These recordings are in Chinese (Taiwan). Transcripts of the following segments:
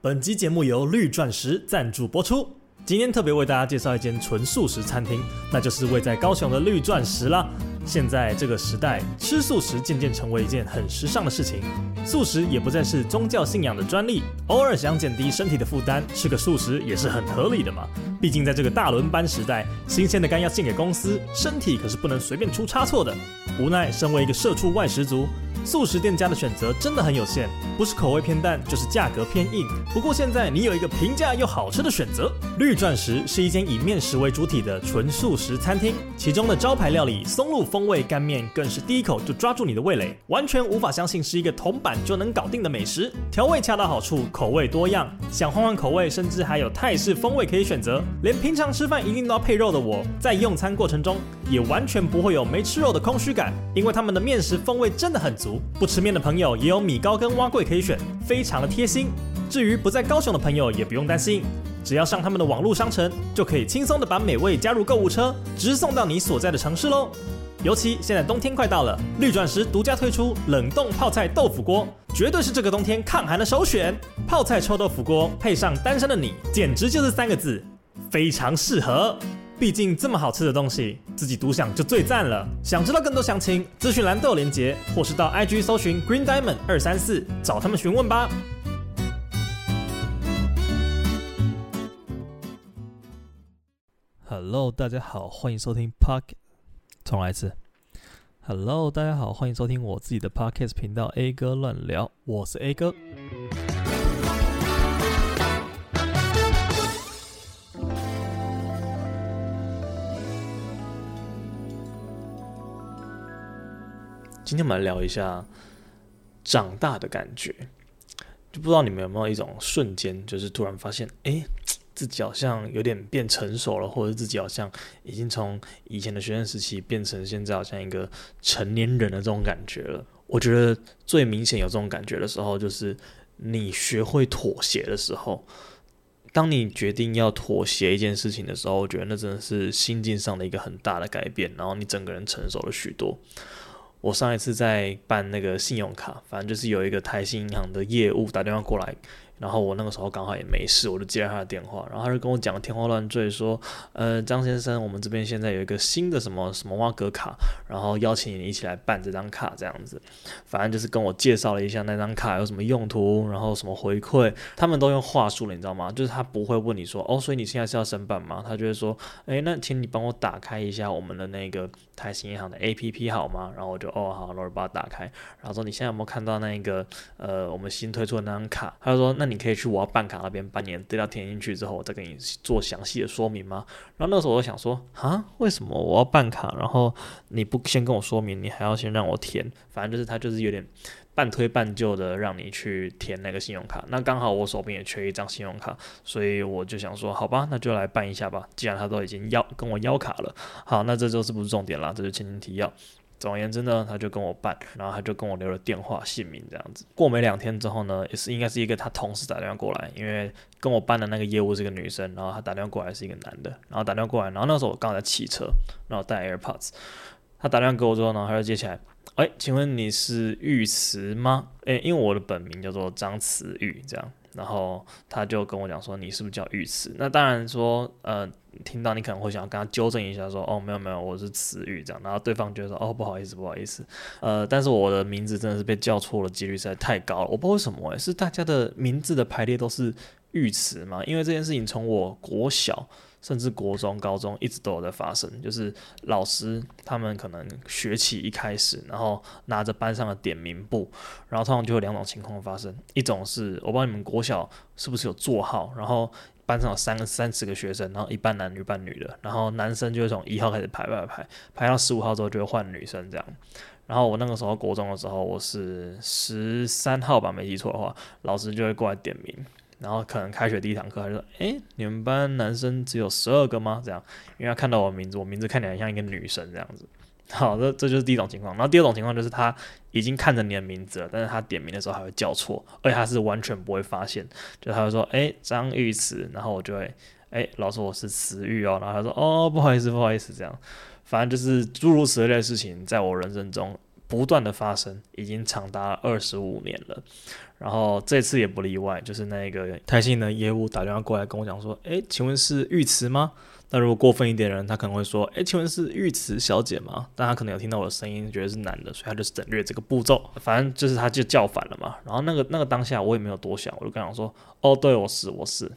本集節目由綠饌食贊助播出。今天特別為大家介紹一間純素食餐廳，那就是位在高雄的綠饌食啦。現在這個時代，吃素食漸漸成為一件很時尚的事情，素食也不再是宗教信仰的專利。偶爾想減低身體的負擔，吃個素食也是很合理的嘛。畢竟在這個大輪班時代，新鮮的肝要獻給公司，身體可是不能隨便出差錯的。無奈，身為一個社畜外食族，素食店家的選擇真的很有限，不是口味偏淡，就是價格偏硬。不過現在你有一個平價又好吃的選擇，綠饌食是一間以麵食為主體的純素食餐廳，其中的招牌料理松露風味乾麵更是第一口就抓住你的味蕾，完全無法相信是一個銅板就能搞定的美食，調味恰到好處，口味多樣，想換換口味，甚至還有泰式風味可以選擇。連平常吃飯一定都要配肉的我，在用餐過程中也完全不會有沒吃肉的空虛感。因為他們的麵食風味真的很足，不吃麵的朋友也有米糕跟碗粿可以選，非常的貼心。至於不在高雄的朋友也不用擔心，只要上他們的網絡商城，就可以輕鬆的把美味加入購物車，直送到你所在的城市嘍。尤其現在冬天快到了，綠饌食獨家推出冷凍泡菜豆腐鍋，絕對是這個冬天抗寒的首選。泡菜臭豆腐鍋配上單身的你，簡直就是三個字，非常適合。畢竟這麼好吃的東西，自己獨享就最讚了。想知道更多詳情，資訊欄都有連結，或是到 IG 搜尋 Green Diamond 二三四，找他們詢問吧。Hello，大家好，歡迎收聽 Podcast。重來一次。Hello，大家好，歡迎收聽我自己的 Podcast 頻道 A 哥亂聊，我是 A 哥。今天我們來聊一下長大的感覺，就不知道你們有沒有一種瞬間，就是突然發現，哎、欸，自己好像有點變成熟了，或者自己好像已經從以前的學生時期變成現在好像一個成年人的這種感覺了。我覺得最明顯有這種感覺的時候，就是你學會妥協的時候。當你決定要妥協一件事情的時候，我覺得那真的是心境上的一個很大的改變，然後你整個人成熟了許多。我上一次在辦那個信用卡，反正就是有一個台新銀行的業務打電話過來，然後我那個時候剛好也沒事，我就接了他的電話，然後他就跟我講天花亂墜，說，呃張先生，我們這邊現在有一個新的什麼什麼挖格卡，然後邀請你一起來辦這張卡這樣子，反正就是跟我介紹了一下那張卡有什麼用途，然後什麼回饋，他們都用話術了，你知道嗎？就是他不會問你說，哦所以你現在是要申辦嗎？他就會說，哎那請你幫我打開一下我們的那個台新銀行的 APP 好嗎？然後我就哦好，然後我把它打開，然後說你現在有沒有看到那個呃我們新推出的那張卡？他就說那。你可以去我要辦卡那邊把你資料填進去之後，我再給你做詳細的說明嗎？然後那時候我就想說，啊，為什麼我要辦卡？然後你不先跟我說明，你還要先讓我填，反正就是他就是有點半推半就的讓你去填那個信用卡。那剛好我手邊也缺一張信用卡，所以我就想說，好吧，那就來辦一下吧。既然他都已經要跟我要卡了，好，那這就是不是重點了，這就前情提要。總而言之呢，他就跟我辦，然後他就跟我留了電話姓名這樣子。過沒兩天之後呢，也是應該是一個他同事打電話過來，因為跟我辦的那個業務是個女生，然後他打電話過來是一個男的，然後打電話過來，然後那時候我剛好在騎車，然後戴 AirPods，他打電話給我之後呢，他就接起來，哎、欸，請問你是玉慈嗎？哎、欸，因為我的本名叫做張慈玉這樣。然後他就跟我講說，你是不是叫玉慈？那當然說，呃，聽到你可能會想要跟他糾正一下說，說哦，沒有沒有，我是慈玉這樣。然後對方覺得說，哦，不好意思，不好意思，呃，但是我的名字真的是被叫錯了幾率實在太高了，我不知道為什麼、欸，是大家的名字的排列都是玉慈嗎？因為這件事情從我國小，甚至國中、高中一直都有在發生，就是老師他們可能學期一開始，然後拿着班上的點名簿，然後通常就有兩種情況發生，一種是我不知道你們國小是不是有座號，然後班上有三個三十個學生，然後一半男女，一半女的，然後男生就會從一號開始排排排，排到十五號之後就會換女生這樣，然後我那個時候國中的時候，我是十三號吧，沒記錯的話，老師就會過來點名。然後可能開學第一堂課，他就說：“誒，你們班男生只有十二個嗎？”這樣，因為他看到我名字，我名字看起來像一個女生這樣子。好，這這就是第一種情況。然後第二種情況就是他已經看着你的名字了，但是他點名的時候還會叫錯，而且他是完全不會發現，就他會說：“誒，張玉詞。”然後我就會：“誒，老師，我是詞玉哦。”然後他就說：“哦，不好意思，不好意思。”這樣，反正就是諸如此類的事情，在我人生中。不斷的發生，已經長達二十五年了，然後這次也不例外，就是那個泰信的業務打電話過來跟我講說，哎、欸，請問是玉慈嗎？那如果過分一點的人，他可能會說，哎、欸，請問是玉慈小姐嗎？但他可能有聽到我的聲音，覺得是男的，所以他就省略這個步驟，反正就是他就叫反了嘛。然後那個那個當下我也沒有多想，我就跟他說，哦，對，我是我是。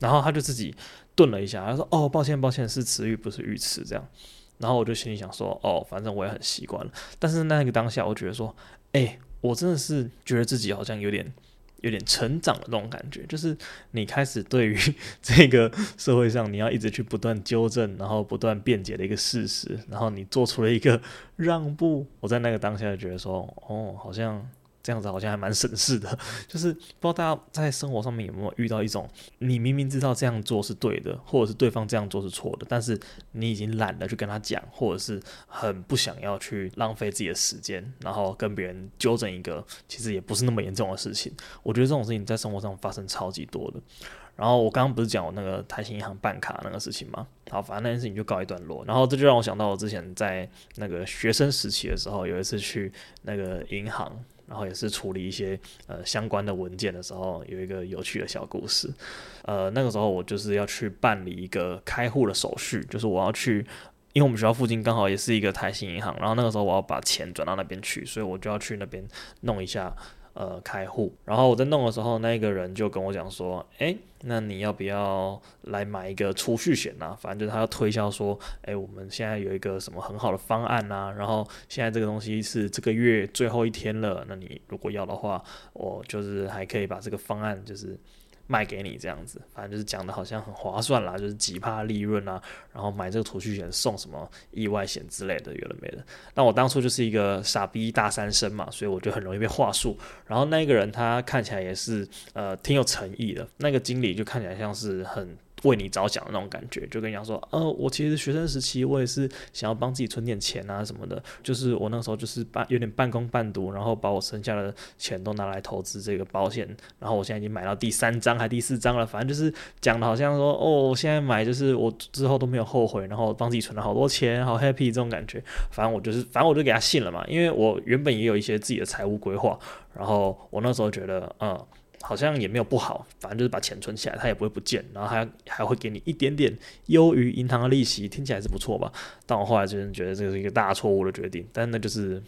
然後他就自己頓了一下，他說，哦，抱歉抱歉，是慈玉不是玉慈這樣。然後我就心裡想說，哦，反正我也很習慣了。但是那個當下，我覺得說，哎，我真的是覺得自己好像有點，有點成長的那種感覺。就是你開始對於這個社會上你要一直去不斷糾正，然後不斷辯解的一個事實，然後你做出了一個讓步。我在那個當下就覺得說，哦，好像。這樣子好像還蠻省事的，就是不知道大家在生活上面有沒有遇到一種，你明明知道這樣做是對的，或者是對方這樣做是錯的，但是你已經懶得去跟他講，或者是很不想要去浪費自己的時間，然後跟別人糾正一個其實也不是那麼嚴重的事情。我覺得這種事情在生活上發生超級多的。然後我剛剛不是講我那個台新銀行辦卡那個事情嗎？好，反正那件事情就告一段落。然後這就讓我想到我之前在那個學生時期的時候，有一次去那個銀行。然後也是處理一些呃相關的文件的時候，有一個有趣的小故事。呃，那個時候我就是要去辦理一個開戶的手續，就是我要去，因為我們學校附近剛好也是一個台新銀行，然後那個時候我要把錢轉到那邊去，所以我就要去那邊弄一下。呃，開戶，然後我在弄的時候，那個人就跟我講說，誒，那你要不要來買一個儲蓄險啊？反正就是他要推銷說，誒，我們現在有一個什麼很好的方案吶，然後現在這個東西是這個月最後一天了，那你如果要的話，我就是還可以把這個方案就是。賣給你這樣子，反正就是講的好像很划算啦，就是幾趴利潤啊，然後買這個儲蓄險送什麼意外險之類的，有的沒的，但我當初就是一個傻逼大三生嘛，所以我就很容易被話術。然後那個人他看起來也是呃挺有誠意的，那個經理就看起來像是很。為你着想的那種感覺，就跟你講說，呃，我其實學生時期我也是想要幫自己存點錢啊什麼的，就是我那時候就是半有點半工半讀，然後把我剩下的錢都拿來投資這個保險，然後我現在已經買到第三張還第四張了，反正就是講的好像說，哦，我現在買就是我之後都沒有後悔，然後幫自己存了好多錢，好 happy 這種感覺，反正我就是，反正我就給他信了嘛，因為我原本也有一些自己的財務規劃，然後我那時候覺得，嗯。好像也沒有不好，反正就是把錢存起來，它也不會不見，然後還還會給你一點點優於銀行的利息，聽起來是不錯吧？但我後來就是覺得這是一個大錯誤的決定，但那就是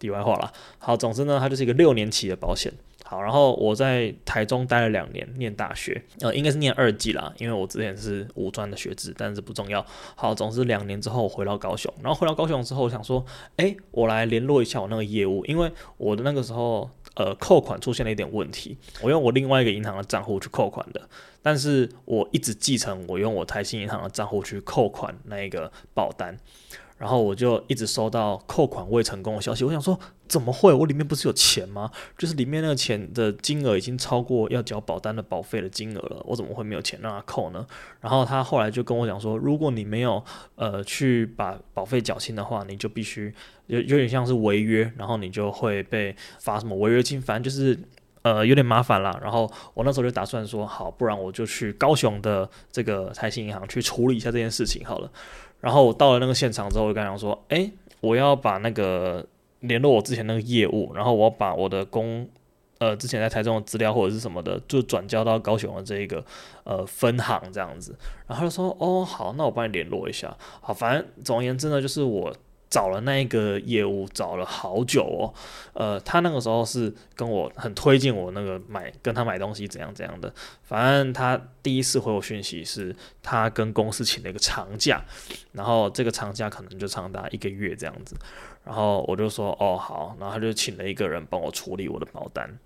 題外話了。好，總之呢，它就是一個六年期的保險。好，然後我在台中待了兩年，念大學，呃，應該是念二技啦，因為我之前是五專的學制，但是不重要。好，總之兩年之後回到高雄，然後回到高雄之後，想說，哎，我來聯絡一下我那個業務，因為我的那個時候，呃，扣款出現了一點問題，我用我另外一個銀行的賬戶去扣款的，但是我一直繼承我用我台新銀行的賬戶去扣款那一個保單。然後我就一直收到扣款未成功的消息，我想說怎麼會？我裡面不是有錢嗎？就是裡面那個錢的金額已經超過要繳保單的保費的金額了，我怎麼會沒有錢讓他扣呢？然後他後來就跟我講說，如果你沒有呃去把保費繳清的話，你就必須有有點像是違約，然後你就會被罰什麼違約金翻，反正就是呃有點麻煩了麻煩啦。然後我那時候就打算說，好，不然我就去高雄的這個台新銀行去處理一下這件事情好了。然後我到了那個現場之後，我就跟他說：“哎，我要把那個聯絡我之前那個業務，然後我把我的工，呃，之前在台中的資料或者是什麼的，就轉交到高雄的這一個呃分行這樣子。”然後他說：“哦，好，那我幫你聯絡一下。好，反正總而言之呢，就是我。”找了那一個業務，找了好久哦，呃，他那個時候是跟我很推薦我那個買跟他買東西怎樣怎樣的，反正他第一次回我訊息是，他跟公司請了一個長假，然後這個長假可能就長達一個月這樣子，然後我就說哦好，然後他就請了一個人幫我處理我的保單，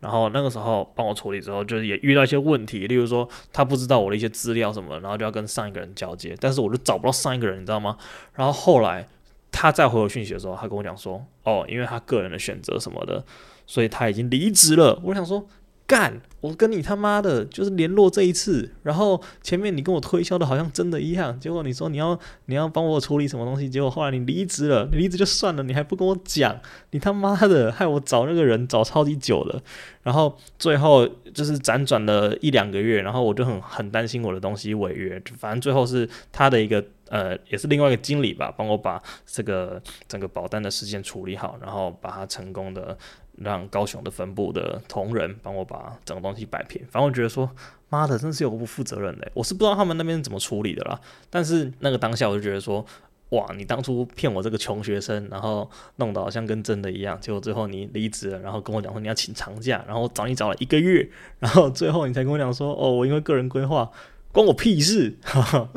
然後那個時候幫我處理之後，就是也遇到一些問題，例如說他不知道我的一些資料什麼，然後就要跟上一個人交接，但是我就找不到上一個人，你知道嗎？然後後來。他在回我訊息的時候，他跟我講說：“哦，因為他個人的選擇什麼的，所以他已經離職了。”我想說。幹！我跟你他媽的，就是聯絡這一次，然後前面你跟我推銷的好像真的一樣，結果你說你要你要幫我處理什麼東西，結果後來你離職了，你離職就算了，你還不跟我講，你他媽的害我找那個人找超級久了，然後最後就是輾轉了一兩個月，然後我就很很擔心我的東西違約。反正最後是他的一個呃，也是另外一個經理吧，幫我把這個整個保單的事件處理好，然後把它成功的。讓高雄的分部的同仁幫我把整個東西擺平。反正我覺得說，媽的，真是有個不負責任的。我是不知道他們那邊怎麼處理的啦。但是那個當下我就覺得說，哇，你當初騙我這個窮學生，然後弄得好像跟真的一樣，結果最後你離職了，然後跟我講說你要請長假，然後我找你找了一個月，然後最後你才跟我講說，哦，我因為個人規劃，關我屁事。哈哈。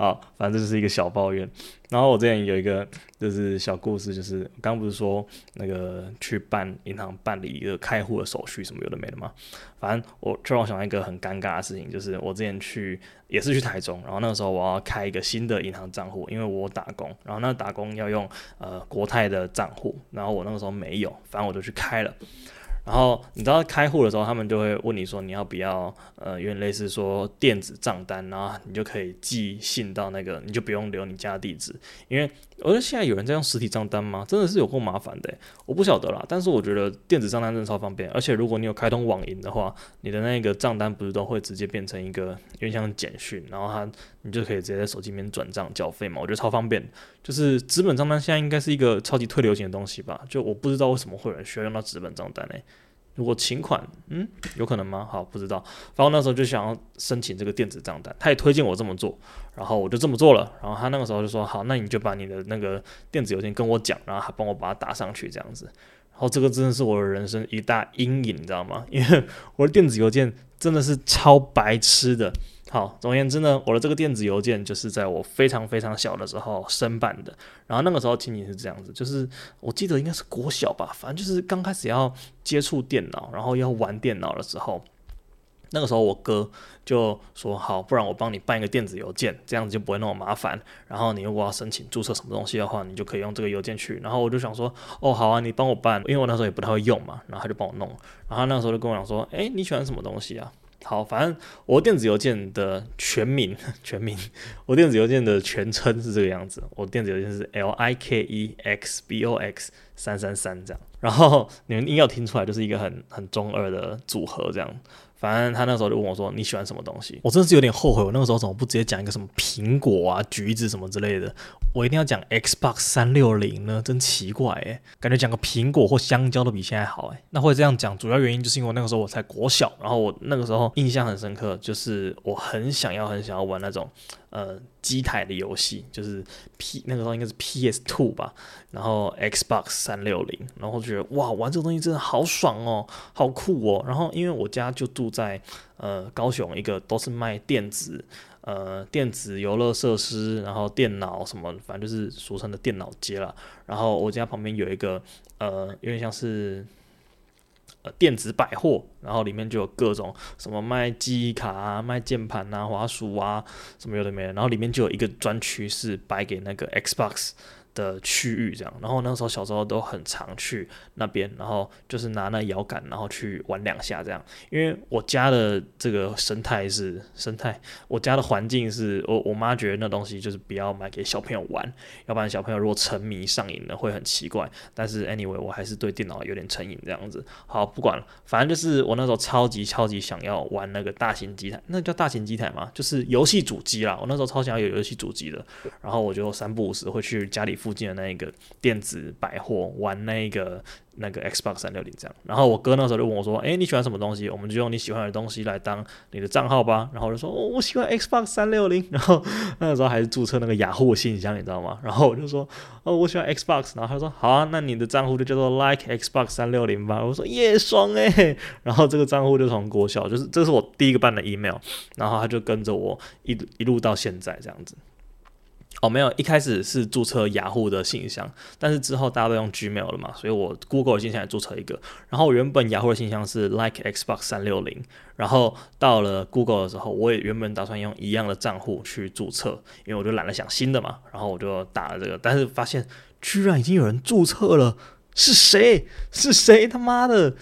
好、哦，反正這就是一個小抱怨。然後我之前有一個就是小故事，就是剛，剛不是說那個去辦銀行辦理一個開戶的手續什麼有的沒的嗎？反正我突然想到一個很尷尬的事情，就是我之前去也是去台中，然後那個時候我要開一個新的銀行賬戶因為我打工，然後那個打工要用呃國泰的賬戶然後我那個時候沒有，反正我就去開了。然後你知道開戶的時候，他們就會問你說你要不要，呃，有點類似說電子賬單，然後你就可以寄信到那個，你就不用留你家地址，因為。而現在有人在用實體賬單嗎？真的是有夠麻煩的，欸，我不曉得啦。但是我覺得電子賬單真的超方便，而且如果你有開通網銀的話，你的那個賬單不是都會直接變成一個原箱簡訊，然後它你就可以直接在手機裡面轉賬繳費嘛，我覺得超方便。就是紙本賬單現在應該是一個超級退流行的東西吧？就我不知道為什麼會有人需要用到紙本賬單嘞，欸。如果請款，嗯，有可能嗎？好，不知道。然後那時候就想要申請這個電子賬單，他也推薦我這麼做，然後我就這麼做了。然後他那個時候就說，好，那你就把你的那個電子郵件跟我講，然後還幫我把它打上去這樣子。然後這個真的是我的人生一大陰影，你知道嗎？因為我的電子郵件真的是超白痴的。好，總而言之呢，我的這個電子郵件就是在我非常非常小的時候申辦的。然後那個時候僅僅是這樣子，就是我記得應該是國小吧，反正就是剛開始要接觸電腦，然後要玩電腦的時候，那個時候我哥就說：“好，不然我幫你辦一個電子郵件，這樣子就不會那麼麻煩。然後你如果要申請註冊什麼東西的話，你就可以用這個郵件去。”然後我就想說：“哦，好啊，你幫我辦，因為我那時候也不太會用嘛。”然後他就幫我弄。然後那個時候就跟我講說：“誒，你喜歡什麼東西啊？”好，反正我電子郵件的全名，全名，我電子郵件的全稱是這個樣子，我電子郵件是 L I K E X B O X 333這樣，然後你們硬要聽出來，就是一個很很中二的組合這樣。反正他那時候就問我說：“你喜歡什麼東西？”我真的是有點後悔，我那個時候怎麼不直接講一個什麼蘋果啊、橘子什麼之類的？我一定要講 Xbox 360呢？真奇怪誒、欸、感覺講個蘋果或香蕉都比現在好誒、欸、那會這樣講，主要原因就是因為那個時候我才國小，然後我那個時候印象很深刻，就是我很想要、很想要玩那種。呃，機台的遊戲就是 P 那個時候應該是 PS Two 吧，然後 Xbox 360，然後覺得哇，玩這個東西真的好爽哦，好酷哦。然後因為我家就住在呃高雄一個都是賣電子呃電子遊樂設施，然後電腦什麼，反正就是俗稱的電腦街啦。然後我家旁邊有一個呃，有點像是。呃，電子百貨，然後裡面就有各種什麼賣記憶卡啊、賣鍵盤啊、滑鼠啊，什麼有的沒的。然後裡面就有一個專區是擺給那個 Xbox。的區域這樣，然後那時候小時候都很常去那邊，然後就是拿那搖桿，然後去玩兩下這樣。因為我家的這個生態是生態，我家的環境是我我媽覺得那東西就是不要買給小朋友玩，要不然小朋友如果沉迷上癮呢會很奇怪。但是 anyway 我還是對電腦有點成癮這樣子。好，不管了，反正就是我那時候超級超級想要玩那個大型機台，那叫大型機台嗎？就是遊戲主機啦。我那時候超想要有遊戲主機的，然後我就三不五時會去家裡。附近的那一個電子百貨玩那個那個 Xbox 三六零這樣，然後我哥那時候就問我說：“欸，你喜歡什麼東西？我們就用你喜歡的東西來當你的賬號吧。”然後我就說：“哦，我喜歡 Xbox 三六零。”然後那個時候還是注冊那個雅虎信箱，你知道嗎？然後我就說：“哦，我喜歡 Xbox。”然後他說：“好啊，那你的賬戶就叫做 Like Xbox 三六零吧。”我說：“耶，爽欸！”然後這個賬戶就從國小就是這是我第一個辦的 email，然後他就跟着我一路一路到現在這樣子。哦，沒有，一開始是注冊雅虎的信箱，但是之後大家都用 Gmail 了嘛，所以我 Google 的信箱也注冊一個。然後原本雅虎、ah、的信箱是 Like Xbox 三六零，然後到了 Google 的時候，我也原本打算用一樣的賬戶去注冊，因為我就懶得想新的嘛，然後我就打了這個，但是發現居然已經有人注冊了，是誰？是誰他媽的？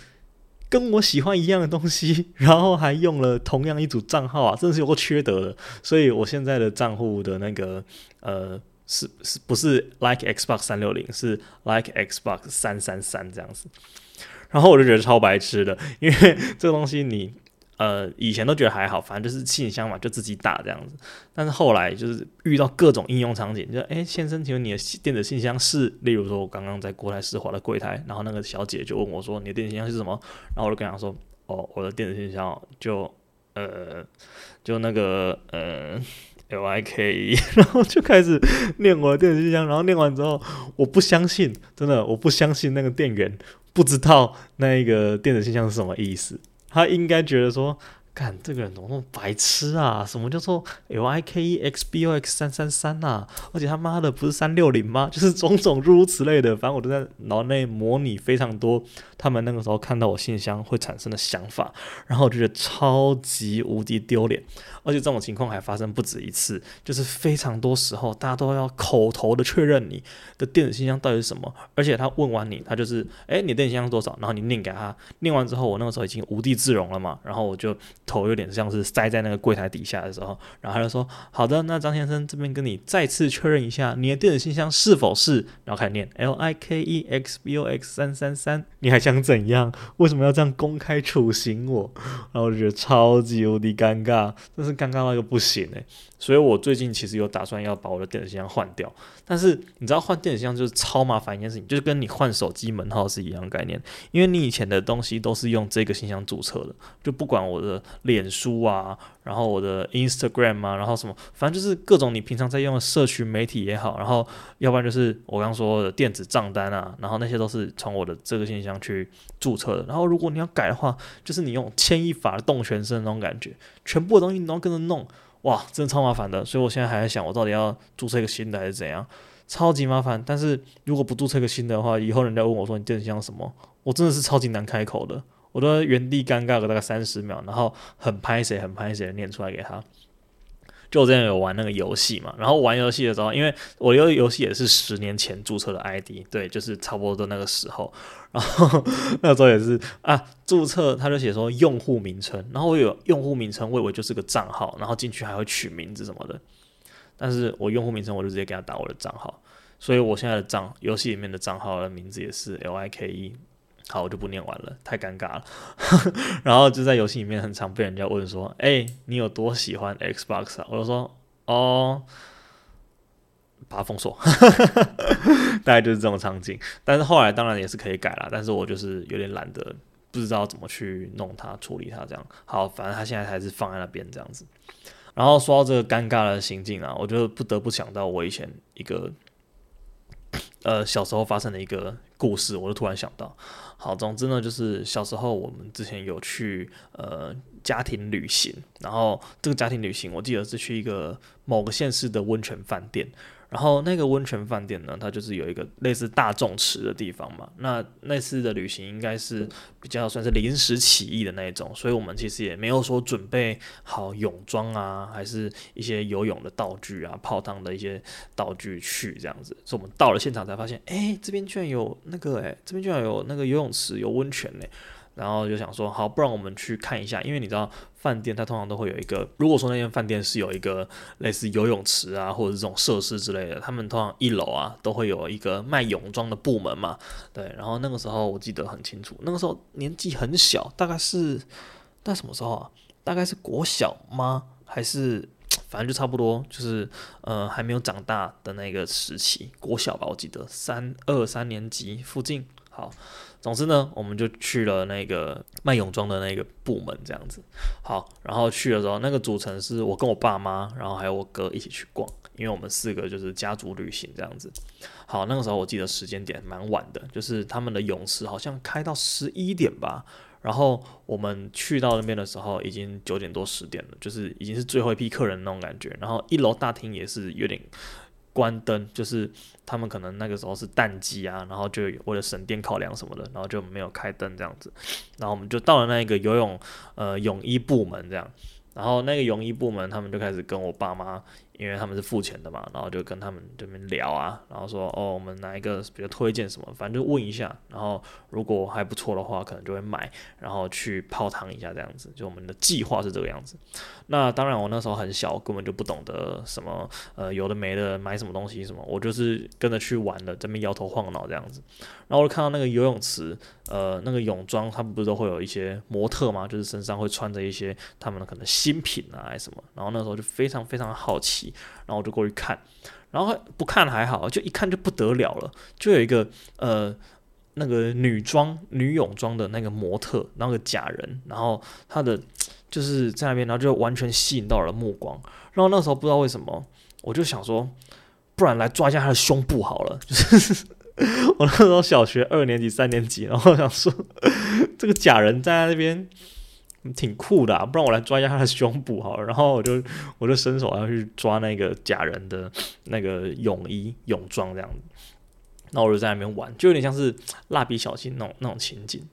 跟我喜歡一樣的東西，然後還用了同樣一組賬號啊，真的是有夠缺德的。所以我現在的賬戶的那個呃，是是不是 like Xbox 三六零，是 like Xbox 三三三這樣子。然後我就覺得超白痴的，因為這個東西你。呃，以前都覺得還好，反正就是信箱嘛，就自己打這樣子。但是後來就是遇到各種應用場景，就說：“哎、欸，先生，請問你的電子信箱是……”例如說，我剛剛在國泰世華的櫃台，然後那個小姐就問我說：“你的電子信箱是什麼？”然後我就跟她說：“哦，我的電子信箱就……呃，就那個呃，L I K E。”然後就開始念我的電子信箱。然後念完之後，我不相信，真的，我不相信那個店員不知道那一個電子信箱是什麼意思。他應該覺得說，看這個人怎麼那麼白痴啊！什麼叫做 l i k e x b o x 三三三吶？而且他媽的不是三六零嗎？就是種種諸如此類的，反正我都在腦內模擬非常多他們那個時候看到我信箱會產生的想法，然後我就覺得超級無敵丟臉，而且這種情況還發生不止一次，就是非常多時候大家都要口頭的確認你的電子信箱到底是什麼，而且他問完你，他就是誒，你電信箱是多少，然後你念給他，念完之後我那個時候已經無地自容了嘛，然後我就。頭有點像是塞在那個櫃檯底下的時候，然後他就說：“好的，那張先生這邊跟你再次確認一下，你的電子信箱是否是……”然後開始念 “L I K E X B O X 三三三 ”，3，你還想怎樣？為什麼要這樣公開處刑我？然後我就覺得超級無敵尷尬，真是尷尬到一個不行哎、欸！所以我最近其實有打算要把我的電子信箱換掉，但是你知道換電子信箱就是超麻煩一件事情，就是跟你換手機門號是一樣的概念，因為你以前的東西都是用這個信箱注冊的，就不管我的。臉書啊，然後我的 Instagram 啊，然後什麼，反正就是各種你平常在用的社群媒體也好，然後要不然就是我剛剛說的電子賬單啊，然後那些都是從我的這個信箱去註冊的。然後如果你要改的話，就是你用牽一髮而動全身那種感覺，全部的東西你都要跟着弄，哇，真的超麻煩的。所以我現在還在想，我到底要註冊一個新的還是怎樣，超級麻煩。但是如果不註冊一個新的話，以後人家問我說你電箱什麼，我真的是超級難開口的。我都原地尷尬個大概三十秒，然後很拍謝很拍謝的念出來給他。就這樣，有玩那個遊戲嘛，然後玩遊戲的時候，因為我遊遊戲也是十年前注冊的 ID，對，就是差不多的那個時候，然後 那時候也是啊，注冊他就寫說用戶名稱，然後我有用戶名稱，我以為就是個賬號，然後進去還會取名字什麼的，但是我用戶名稱我就直接給他打我的賬號，所以我現在的賬遊戲裡面的賬號的名字也是 L I K E。好，我就不念完了，太尷尬了。 然後就在遊戲裡面很常被人家問說：“哎、欸，你有多喜歡 Xbox 啊？”我就說：“哦，把它封鎖。 ”大概就是這種場景。但是後來當然也是可以改了，但是我就是有點懶得，不知道怎麼去弄它、處理它這樣。好，反正它現在還是放在那邊這樣子。然後說到這個尷尬的情境啊，我就不得不想到我以前一個呃小時候發生的一個。故事，我就突然想到，好，總之呢，就是小時候我們之前有去，呃，家庭旅行，然後這個家庭旅行我記得是去一個某個縣市的溫泉飯店。然後那個溫泉飯店呢，它就是有一個類似大眾池的地方嘛。那那次的旅行應該是比較算是臨時起意的那種，所以我們其實也沒有說準備好泳裝啊，還是一些游泳的道具啊、泡湯的一些道具去這樣子。所以我們到了現場才發現，哎，這邊居然有那個，哎，這邊居然有那個游泳池、有溫泉哎。然後就想說，好，不然我們去看一下，因為你知道，飯店它通常都會有一個，如果說那間飯店是有一個類似游泳池啊，或者這種設施之類的，他們通常一樓啊都會有一個賣泳裝的部門嘛。對，然後那個時候我記得很清楚，那個時候年紀很小，大概是，大概什麼時候啊？大概是國小嗎？還是反正就差不多，就是呃還沒有長大的那個時期，國小吧，我記得三二三年級附近。好，總之呢，我們就去了那個賣泳裝的那個部門，這樣子。好，然後去的時候，那個組成是我跟我爸媽，然後還有我哥一起去逛，因為我們四個就是家族旅行這樣子。好，那個時候我記得時間點蠻晚的，就是他們的泳池好像開到十一點吧。然後我們去到那邊的時候，已經九點多十點了，就是已經是最後一批客人那種感覺。然後一樓大廳也是有點。關燈，就是他們可能那個時候是淡季啊，然後就為了省電考量什麼的，然後就沒有開燈這樣子。然後我們就到了那個游泳呃泳衣部門這樣，然後那個泳衣部門他們就開始跟我爸媽。因為他們是付錢的嘛，然後就跟他們這邊聊啊，然後說哦，我們哪一個比較推薦什麼，反正就問一下，然後如果還不錯的話，可能就會買，然後去泡湯一下這樣子，就我們的計劃是這個樣子。那當然我那時候很小，根本就不懂得什麼，呃，有的沒的，買什麼東西什麼，我就是跟着去玩的，這邊搖頭晃腦這樣子。然後我就看到那個游泳池，呃，那個泳裝，他們不是都會有一些模特嘛，就是身上會穿着一些他們的可能新品啊還是什麼，然後那時候就非常非常好奇。然後我就過去看，然後不看還好，就一看就不得了了。就有一個呃，那個女裝、女泳裝的那個模特，那個假人，然後他的就是在那邊，然後就完全吸引到了目光。然後那時候不知道為什麼，我就想說，不然來抓一下他的胸部好了。就是我那時候小學二年級、三年級，然後我想說這個假人站在那邊。挺酷的啊，不然我來抓一下他的胸部好了，然後我就我就伸手要去抓那個假人的那個泳衣泳裝這樣子，那我就在那邊玩，就有點像是蠟筆小新那種那種情景，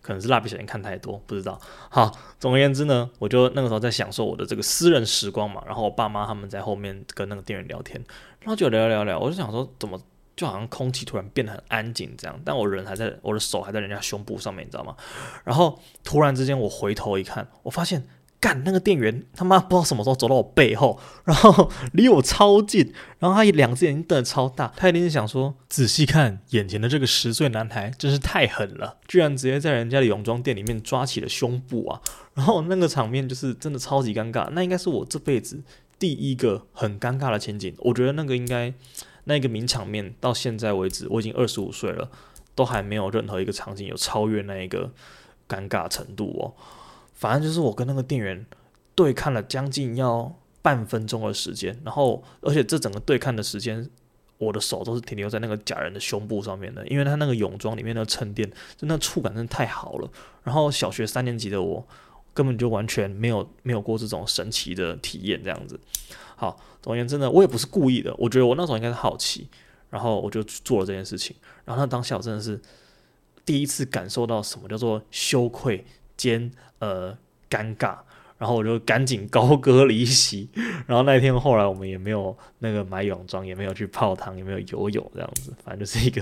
可能是蠟筆小新看太多不知道。好，總而言之呢，我就那個時候在享受我的這個私人時光嘛，然後我爸媽他們在後面跟那個店員聊天，然後就聊聊聊，我就想說怎麼。就好像空氣突然變得很安靜這樣，但我人還在，我的手還在人家胸部上面，你知道嗎？然後突然之間，我回頭一看，我發現，幹那個店員他媽不知道什麼時候走到我背後，然後離我超近，然後他一兩只眼睛瞪的超大，他一定是想說，仔細看眼前的這個十歲男孩真是太狠了，居然直接在人家的泳裝店裡面抓起了胸部啊！然後那個場面就是真的超級尷尬，那應該是我這輩子第一個很尷尬的情景，我覺得那個應該。那個名場面到現在為止，我已經二十五歲了，都還沒有任何一個場景有超越那一個尷尬程度哦。反正就是我跟那個店員對看了將近要半分鐘的時間，然後而且這整個對看的時間，我的手都是停留在那個假人的胸部上面的，因為他那個泳裝裡面的襯墊，真的觸感真的太好了。然後小學三年級的我。根本就完全沒有沒有過這種神奇的體驗，這樣子。好，總而言之呢，的我也不是故意的，我覺得我那時候應該是好奇，然後我就做了這件事情。然後那當下我真的是第一次感受到什麼叫做羞愧兼呃尷尬，然後我就趕緊高歌離席。然後那天後來我們也沒有那個買泳裝，也沒有去泡湯，也沒有游泳，這樣子，反正就是一個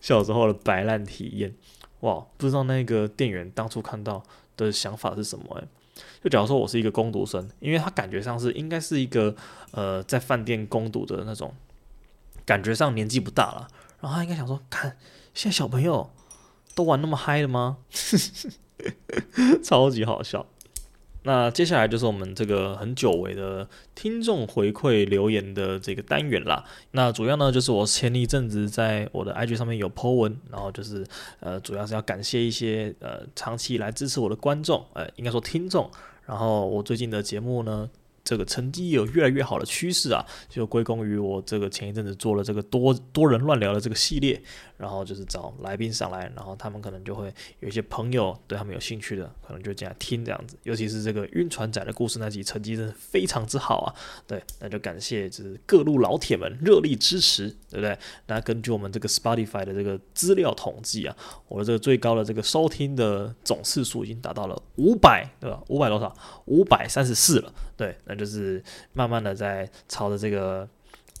小時候的白爛體驗。哇，不知道那個店員當初看到。的想法是什麼。欸，就假如說我是一個工讀生，因為他感覺上是應該是一個呃在飯店工讀的那種，感覺上年紀不大了，然後他應該想說，看現在小朋友都玩那麼嗨的嗎？ 超級好笑。那接下來就是我們這個很久違的聽眾回饋留言的這個單元啦。那主要呢就是我前一陣子在我的 IG 上面有 po 文，然後就是呃主要是要感謝一些呃長期以來支持我的觀眾，呃應該說聽眾。然後我最近的節目呢，這個成績也有越來越好的趨勢啊，就歸功於我這個前一陣子做了這個多多人亂聊的這個系列。然後就是找來賓上來，然後他們可能就會有一些朋友對他們有興趣的，可能就這樣聽這樣子。尤其是這個暈船仔的故事那集，成績真的非常之好啊！對，那就感謝就是各路老鐵們熱力支持，對不對？那根據我們這個 Spotify 的這個資料統計啊，我的這個最高的這個收聽的總次數已經達到了五百，對吧？五百多，多少？五百三十四了。對，那就是慢慢的在朝着這個。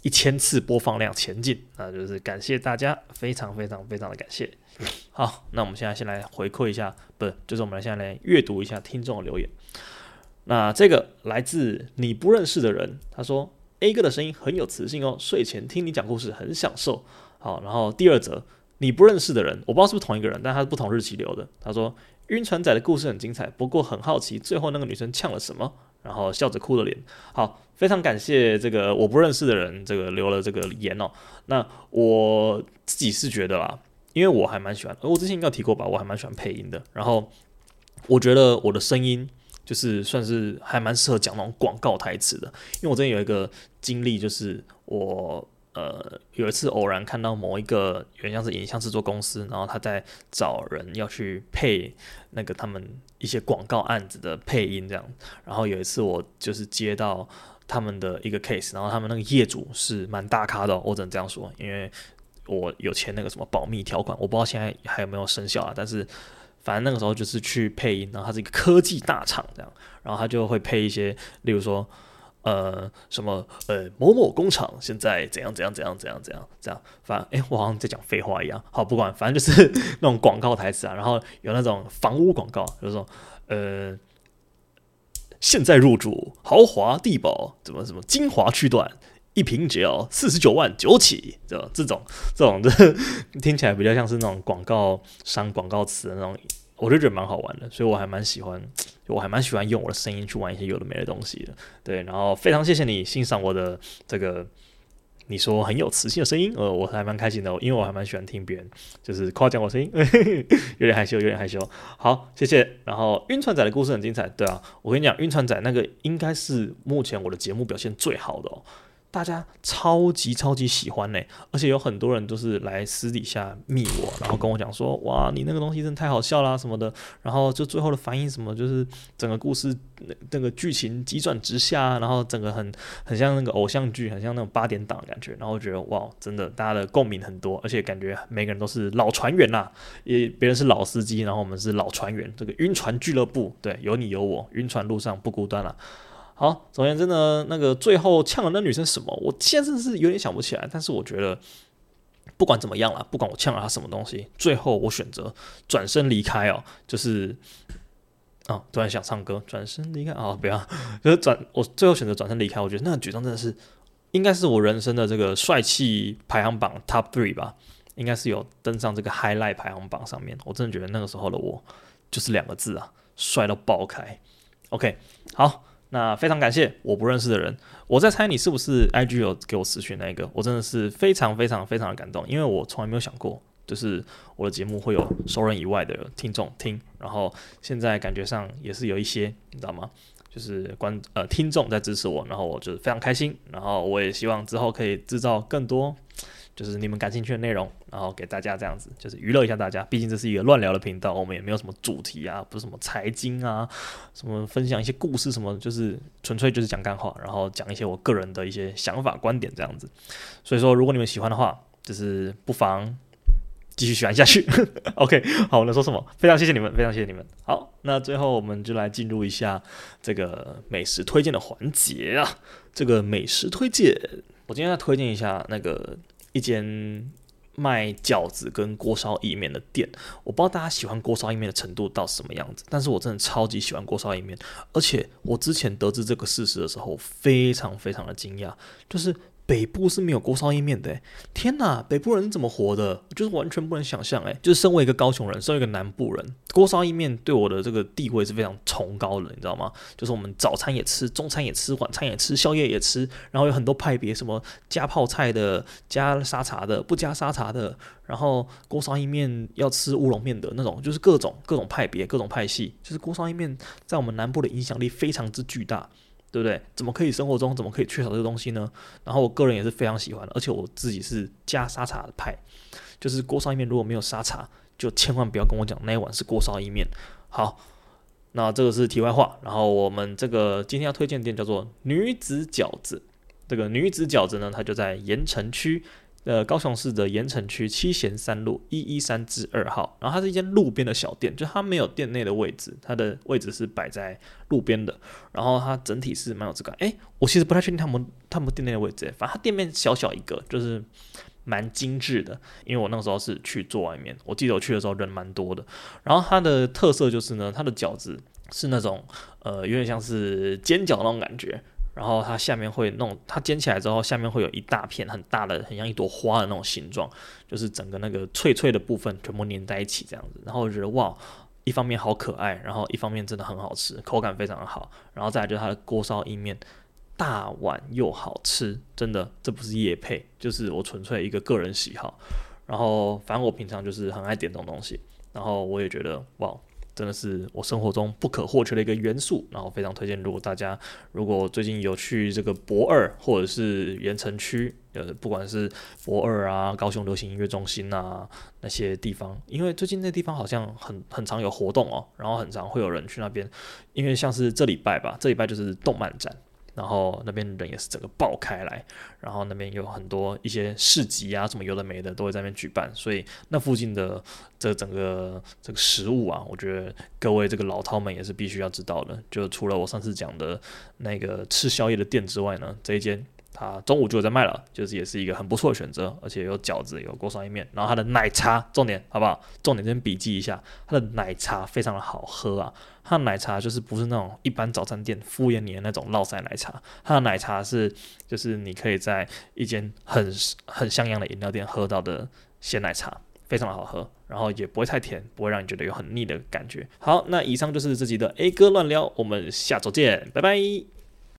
一千次播放量前進，那就是感謝大家，非常非常非常的感謝。好，那我們現在先來回饋一下，不是，就是我們來現在來閱讀一下聽眾的留言。那這個來自你不認識的人，他說：“A 哥的聲音很有磁性哦，睡前聽你講故事很享受。”好，然後第二則，你不認識的人，我不知道是不是同一個人，但他是不同日期留的。他說：“暈船仔的故事很精彩，不過很好奇，最後那個女生嗆了什麼？”然後笑着哭的臉，好，非常感謝這個我不認識的人，這個留了這個言哦。那我自己是覺得啦，因為我還蠻喜歡，我之前應該有提過吧，我還蠻喜歡配音的。然後我覺得我的聲音就是算是還蠻適合講那種廣告台詞的，因為我之前有一個經歷，就是我呃有一次偶然看到某一個好像是影像制作公司，然後他在找人要去配那個他們。一些廣告案子的配音這樣，然後有一次我就是接到他們的一個 case，然後他們那個業主是蠻大咖的哦，我只能這樣說，因為我有簽那個什麼保密條款，我不知道現在還有沒有生效啊，但是反正那個時候就是去配音，然後他是一個科技大廠這樣，然後他就會配一些，例如說。呃，什麼呃，某某工廠現在怎樣怎樣怎樣怎樣怎樣這樣，反正哎，我好像在講廢話一樣。好，不管，反正就是那種廣告台詞啊，然後有那種房屋廣告，就是說，呃，現在入住豪華地堡，怎麼什麼精華區段一坪只要四十九萬九起，這種這種這種就是，聽起來比較像是那種廣告商廣告詞的那種。我、哦、就覺得蠻好玩的，所以我還蠻喜歡，我還蠻喜歡用我的聲音去玩一些有的沒的東西的。對，然後非常謝謝你欣賞我的這個，你說很有磁性的聲音，呃，我還蠻開心的、哦，因為我還蠻喜歡聽別人就是誇獎我聲音呵呵，有點害羞，有點害羞。好，謝謝。然後暈船仔的故事很精彩，對啊，我跟你講，暈船仔那個應該是目前我的節目表現最好的哦。大家超級超級喜歡呢、欸，而且有很多人都是來私底下密我，然後跟我講說，哇，你那個東西真的太好笑啦，啊什麼的。然後就最後的反應什麼，就是整個故事那那個劇情急轉直下，然後整個很很像那個偶像劇，很像那種八點檔的感覺。然後我覺得哇，真的大家的共鳴很多，而且感覺每個人都是老船員啦，啊，也別人是老司機，然後我們是老船員，這個暈船俱樂部，對，有你有我，暈船路上不孤單啦，啊。好，首先真的那個最後嗆了那女生什麼，我現在真的是有點想不起來。但是我覺得不管怎麼樣啦，不管我嗆了她什麼東西，最後我選擇轉身離開哦、喔，就是啊，突然想唱歌，轉身離開啊，不要，就是轉，我最後選擇轉身離開。我覺得那個舉動真的是應該是我人生的這個帥氣排行榜 top three 吧，應該是有登上這個 highlight 排行榜上面。我真的覺得那個時候的我就是兩個字啊，帥到爆開。OK，好。那非常感謝我不認識的人，我在猜你是不是 IG 有給我私訊那一個，我真的是非常非常非常的感動，因為我從來沒有想過，就是我的節目會有熟人以外的聽眾聽，然後現在感覺上也是有一些，你知道嗎？就是觀呃聽眾在支持我，然後我就是非常開心，然後我也希望之後可以製造更多。就是你們感興趣的內容，然後給大家這樣子，就是娛樂一下大家。畢竟這是一個亂聊的頻道，我們也沒有什麼主題啊，不是什麼財經啊，什麼分享一些故事什麼，就是純粹就是講乾話，然後講一些我個人的一些想法觀點這樣子。所以說，如果你們喜歡的話，就是不妨繼續喜歡下去。 OK，好，我能說什麼？非常謝謝你們，非常謝謝你們。好，那最後我們就來進入一下這個美食推薦的環節啊。這個美食推薦，我今天要推薦一下那個。一間賣餃子跟鍋燒意麵的店，我不知道大家喜歡鍋燒意麵的程度到什麼樣子，但是我真的超級喜歡鍋燒意麵，而且我之前得知這個事實的時候，非常非常的驚訝，就是。北部是沒有鍋燒意麵的。欸，天吶，北部人怎麼活的？就是完全不能想象，誒，就是身為一個高雄人，身為一個南部人，鍋燒意麵對我的這個地位是非常崇高的，你知道嗎？就是我們早餐也吃，中餐也吃，晚餐也吃，宵夜也吃，然後有很多派別，什麼加泡菜的，加沙茶的，不加沙茶的，然後鍋燒意麵要吃烏龍麵的那種，就是各種各種派別，各種派系，就是鍋燒意麵在我們南部的影響力非常之巨大。對不對？怎麼可以生活中怎麼可以缺少這個東西呢？然後我個人也是非常喜歡的，而且我自己是加沙茶的派，就是鍋燒意麵如果沒有沙茶，就千萬不要跟我講那一碗是鍋燒意麵。好，那這個是題外話。然後我們這個今天要推薦的店叫做女子餃子，這個女子餃子呢，它就在鹽埕區。呃，高雄市的鹽埕區七賢三路一一三之二號，然後它是一間路邊的小店，就它沒有店內的位置，它的位置是擺在路邊的，然後它整體是蠻有質感。哎，我其實不太確定他們他們店內的位置誒，反正它店面小小一個，就是蠻精緻的。因為我那時候是去坐外面，我記得我去的時候人蠻多的。然後它的特色就是呢，它的餃子是那種呃，有點像是煎餃那種感覺。然後它下面會弄，它煎起來之後，下面會有一大片很大的，很像一朵花的那種形狀，就是整個那個脆脆的部分全部粘在一起這樣子。然後我覺得哇，一方面好可愛，然後一方面真的很好吃，口感非常好。然後再來就是它的鍋燒意面，大碗又好吃，真的，這不是業配，就是我純粹一個個人喜好。然後反正我平常就是很愛點這種東西，然後我也覺得哇。真的是我生活中不可或缺的一個元素，然後非常推薦。如果大家如果最近有去這個駁二或者是鹽埕區，呃、就是，不管是駁二啊、高雄流行音樂中心啊那些地方，因為最近那地方好像很很常有活動哦，然後很常會有人去那邊，因為像是這禮拜吧，這禮拜就是動漫展。然後那邊人也是整個爆開來，然後那邊有很多一些市集啊，什麼有的沒的都會在那邊舉辦，所以那附近的這整個這個食物啊，我覺得各位這個老饕們也是必須要知道的。就除了我上次講的那個吃宵夜的店之外呢，這一間。他中午就有在賣了，就是也是一個很不錯的選擇，而且有餃子，有鍋燒意麵，然後它的奶茶重點好不好？重點先筆記一下，它的奶茶非常的好喝啊，它的奶茶就是不是那種一般早餐店敷衍你的那種烙賽奶茶，它的奶茶是就是你可以在一間很很像樣的飲料店喝到的鮮奶茶，非常的好喝，然後也不會太甜，不會讓你覺得有很膩的感覺。好，那以上就是這集的 A 哥亂聊，我們下週見，拜拜。